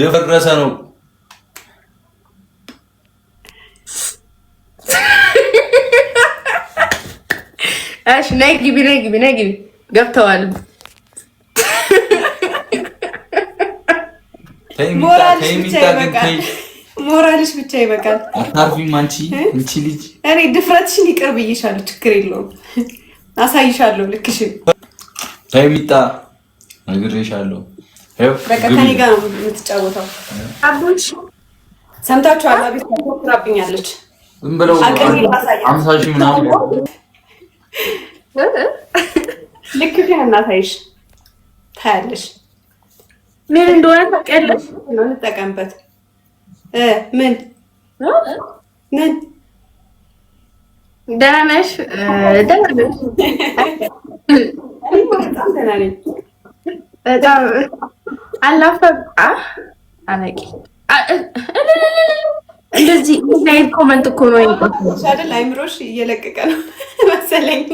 የፈረሰ ነው። እሺ ነይ ግቢ፣ ነይ ግቢ፣ ነይ ግቢ። ገብተዋል። ሞራልሽ ብቻ ይበቃል። አታርፊም አንቺ እንቺ ልጅ። እኔ ድፍረትሽን ይቅር ብዬሻለሁ። ችግር የለውም አሳይሻለሁ ልክሽን። ተይ ሚጣ ነግሬሻለሁ በቃ ከኔ ጋር ነው የምትጫወተው። አቦች ሰምታችሁ አላቤት ትራብኛለች። ዝም ብለው አምሳ ሺህ ምናምን ልክ ግን እናታይሽ ታያለሽ። ምን እንደሆነ ታውቂያለሽ። እንጠቀምበት። ምን ምን ደህና ነሽ? ደህና ነሽ? በጣም ደህና ነኝ በጣም አላፈብ አለቂ እንደዚህ ላይት ኮመንት እኮ ነው አይደል? አይምሮሽ እየለቀቀ ነው መሰለኝ።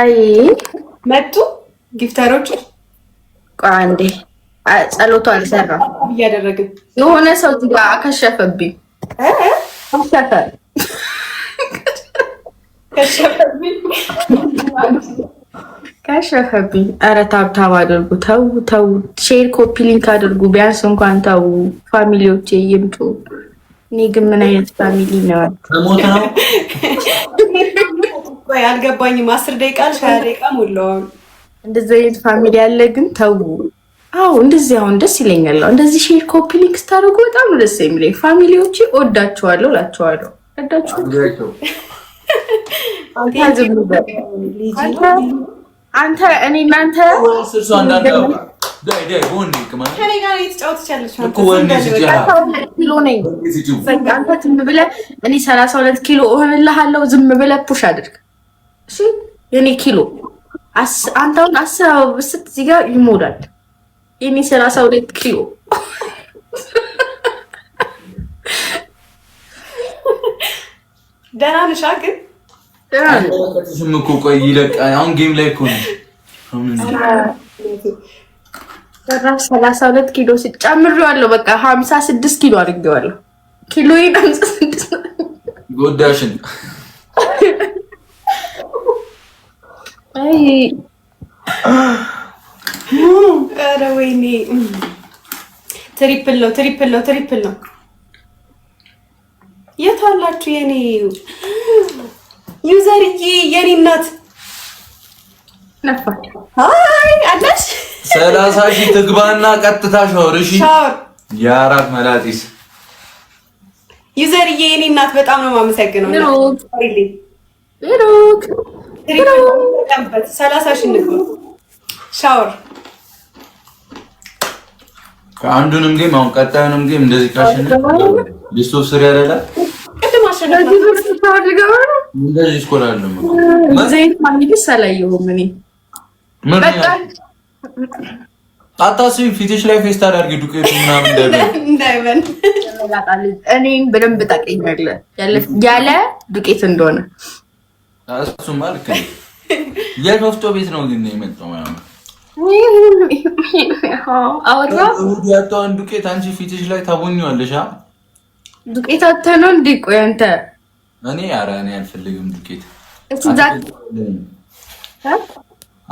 አይ መጡ ጊፍታሮቹ። ቆይ አንዴ ጸሎቱ አልሰራም። እያደረግን የሆነ ሰው እዚህ ጋር አከሸፈብኝ። አከሸፈ ከሸፈብኝ። ኧረ ታብታብ አድርጉ። ተው ተው፣ ሼር ኮፒ ሊንክ አድርጉ። ቢያንስ እንኳን ተው፣ ፋሚሊዎቼ ይምጡ። እኔ ግን ምን አይነት ፋሚሊ ነው? አልገባኝም። አስር ደቂቃ ሀያ ደቂቃ ሞላዋል። እንደዚህ አይነት ፋሚሊ ያለ ግን ተው። አዎ እንደዚህ አሁን ደስ ይለኛል። እንደዚህ ሼር ኮፒ ሊንክ ስታደርጉ በጣም ደስ የሚለኝ ፋሚሊዎቼ፣ ወዳችኋለሁ እላችኋለሁ። ወዳችኋለሁ አንተ እኔ እናንተ አንተ ዝም ብለህ እኔ ሰላሳ ሁለት ኪሎ እሆንልሃለሁ። ዝም ብለህ ፑሽ አድርግ የኔ ኪሎ አንተ አሁን አስር አበባ ብስት እዚህ ጋር ይሞላል። የኔ ሰላሳ ሁለት ኪሎ ደህና ነሽ ግን ሽም እኮ ቆይ ይለቃል። አሁን ጌም ላይ እኮ ነው። ሰላሳ ሁለት ኪሎ ስጨምሬዋለሁ። በቃ ሀምሳ ስድስት ኪሎ አድርጌዋለሁ። ኪሎ ሀምሳ ስድስት ጎዳሽን። ኧረ ወይኔ ትሪፕል ነው፣ ትሪፕል ነው፣ ትሪፕል ነው። የት አላችሁ የኔ ዩዘርዬ የኔ እናት አለሽ ሰላሳ ሺህ ትግባና ቀጥታ ሻወር። እሺ የአራት መላጢስ ዩዘርዬ የኔ እናት በጣም ነው የማመሰግነው። ሰላሳ ሺህ ንግባ ሻወር ከአንዱንም ጌም አሁን ቀጣዩንም ጌም እንደዚህ ካሸነፍ ሊስቶፍ ስር ያደላል ቅድም አሸነፍ እንደዚህ እኮ አይደለም እኮ አታስቢ። ፊትሽ ላይ ምናምን እንዳይበን በደንብ ያለ ዱቄት እንደሆነ እሱማ ልክ ነው። የት ወፍጮ ቤት ነው ግን የመጣው ያጣውን ዱቄት አንቺ ፊትሽ ላይ ዱቄት ነው እንዴ? ቆይ አንተ እኔ ኧረ እኔ አልፈልግም ዱቄት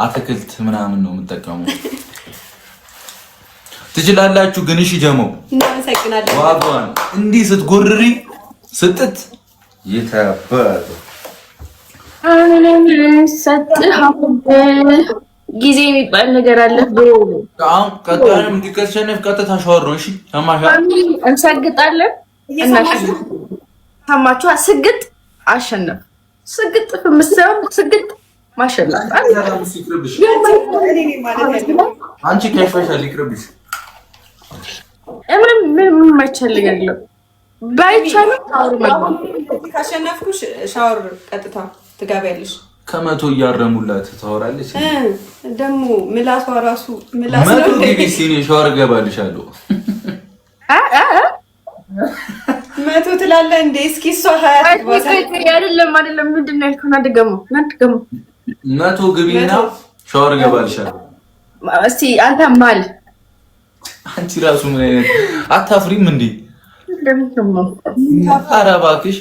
አትክልት ምናምን ነው የምጠቀሙ። ትችላላችሁ ግን እሺ ጀመው ዋጓን እንዲህ ስትጎርሪ ስጥት ይተበሉ ጊዜ የሚባል ነገር አለ። አሁን ቀጣይም እንዲከሸነፍ ቀጥታ ሸዋሮ ነው። እሺ ተማሻ እንሰግጣለን። ታማችኋ ስግጥ አሸነፍ ስግጥ ምሳም ስግጥ ማሸነፍ አንቺ ምን የማይቻል የለም። ካሸነፍኩሽ ሻወር ቀጥታ ትጋቢያለሽ። ከመቶ እያረሙላት ታወራለች። ደግሞ ምላሷ ራሱ ምላስ ነው። ሻወር ገባልሽ መቶ ትላለህ እንዴ? እስኪ እሷ አይደለም አይደለም፣ ምንድን ነው ያልከው? ናድገሙ ናድገሙ መቶ ግቢና ሻወር እገባልሻለሁ። እስቲ አንተ ማል አንቺ ራሱ ምን አይነት አታፍሪም እንዴ? ኧረ እባክሽ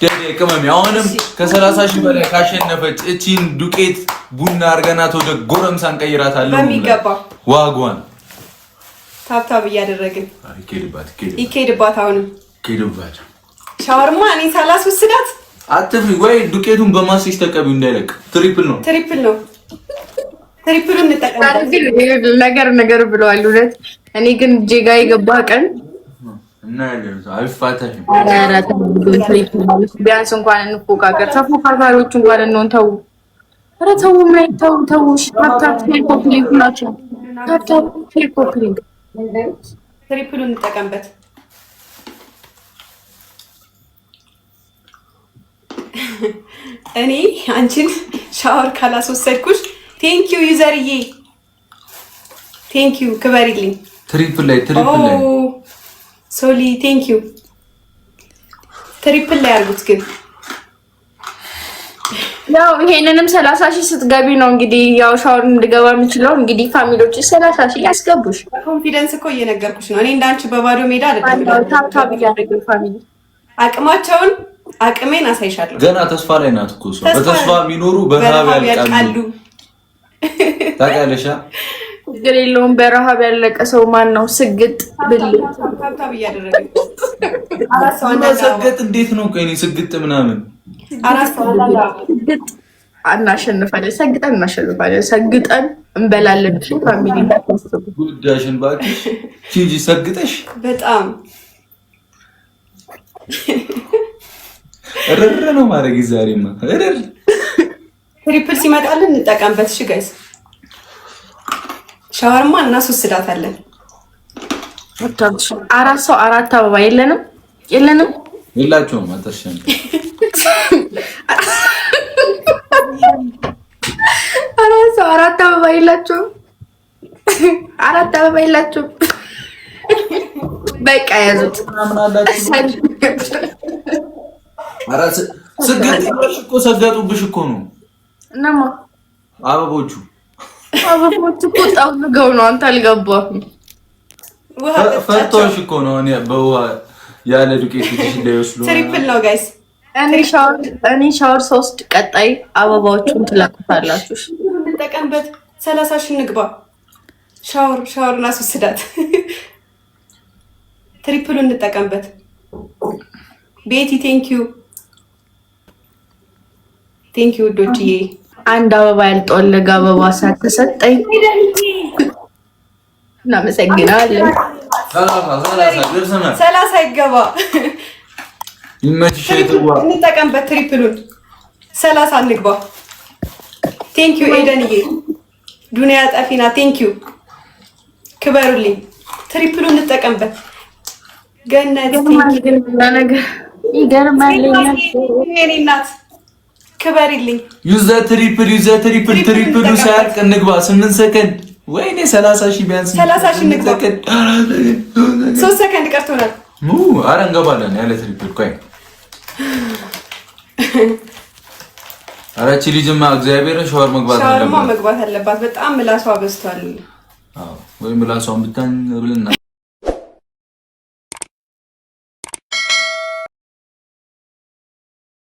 ደዴ ቅመሚ። አሁንም ከሰላሳ ሺህ በላይ ካሸነፈች እቺን ዱቄት ቡና አድርገናት ወደ ጎረምሳ እንቀይራታለን በሚገባ ዋጓን ታብታብ እያደረግን ይኬድባት ይኬድባት አሁንም ከሄደባቸው ሻወርማ እኔ ሳላስወስዳት አትፍሪ። ወይ ዱቄቱን በማስሽ ተቀቢ እንዳይለቅ። ትሪፕል ነው ትሪፕል ነው ነገር ነገር ብለዋል። እውነት እኔ ግን ጄጋ የገባ ቀን ቢያንስ እንኳን እንፎካከር። ተፎካካሪዎች እንኳን እንሆን። ተው ኧረ ተው ማይ ተው ተው። ናቸው ትሪፕሉ እንጠቀምበት እኔ አንቺን ሻወር ካላስወሰድኩሽ ቴንኪዩ ዩዘርዬ፣ ቴንኪዩ ክበሪልኝ። ትሪፕል ላይ ትሪፕል ላይ ሶሊ ቴንኪዩ ትሪፕል ላይ አልኩት። ግን ያው ይሄንንም ሰላሳ ሺህ ስትገቢ ነው እንግዲህ ያው ሻወር እንድገባ የምችለው እንግዲህ ፋሚሊዎች ሰላሳ ሺህ ያስገቡሽ። ኮንፊደንስ እኮ እየነገርኩሽ ነው። እኔ እንዳንቺ በባዶ ሜዳ አይደለም። ታብታብ እያደረግን ፋሚሊ አቅማቸውን አቅሜን አሳይሻለሁ። ገና ተስፋ ላይ ናት እኮ እሷ። በተስፋ የሚኖሩ በረሃብ ያልቃሉ። ታውቂያለሽ። ችግር የለውም። በረሃብ ያለቀ ሰው ማን ነው? ስግጥ ብልሰገጥ እንዴት ነው? ቆይ ስግጥ ምናምን እናሸንፋለን። ሰግጠን እናሸንፋለን። ሰግጠን እንበላለን። ፋሚሊ ጉዳሽን እባክሽ ሂጂ ሰግጠሽ በጣም ርር ነው ማድረግ። ዛሬማ እርር ትሪፕል ሲመጣልን እንጠቀምበት። እሺ ጋይስ፣ ሻወርማ እና ሶስት ስዳት አለን። አራት ሰው አራት አበባ የለንም፣ የለንም፣ የላቸውም። አታሸን አራት ሰው አራት አበባ የላቸውም፣ አራት አበባ የላቸውም። በቃ ያዙት። ስገጥሽ እኮ ሰገጡብሽ እኮ ነው። እናማ አበቦቹ አበቦቹ እኮ ጠውልገው ነው። አንተ አልገባህም። ፈርቶሽ እኮ ነው። እኔ በውሃ ያለ ዱቄት ትሽ ትሪፕል ነው ጋይስ። እኔ ሻወር ሶስት ቀጣይ አበባዎቹን ትላቁታላችሁ። እንጠቀምበት። ሰላሳ ሺህ ንግባ። ሻወር ሻወር እናስወስዳት። ትሪፕሉ እንጠቀምበት። ቤቲ ቴንኪዩ ቴንክ ዩ ውዶችዬ። አንድ አበባ ያልጠወለገ አበባ ሳትሰጠኝ እናመሰግናለን። ሰላሳ ይገባ እንጠቀምበት። ትሪፕሉን ሰላሳ እንግባ። ቴንክ ዩ ኤደንዬ፣ ዱንያ ጠፊና ቴንክ ዩ ክበሩልኝ። ትሪፕሉን እንጠቀምበት። ገነት ነገር ይገርማል። እናት ክበሪልኝ። ዩዘ ትሪፕል ትሪፕል ትሪፕሉ ሳያልቅ እንግባ። ስምንት ሰከንድ ወይኔ ሰላሳ ሺህ ቢያንስ ሰላሳ ሺህ እንግባ። ሶስት ሰከንድ ቀርቶናል። አረ እንገባለን ያለ ትሪፕል። ቆይ አራቺ ልጅማ እግዚአብሔርን ሻወር መግባት አለባት፣ መግባት አለባት። በጣም ምላሷ በዝቷል። አዎ ወይ ምላሷን ብታን ብልና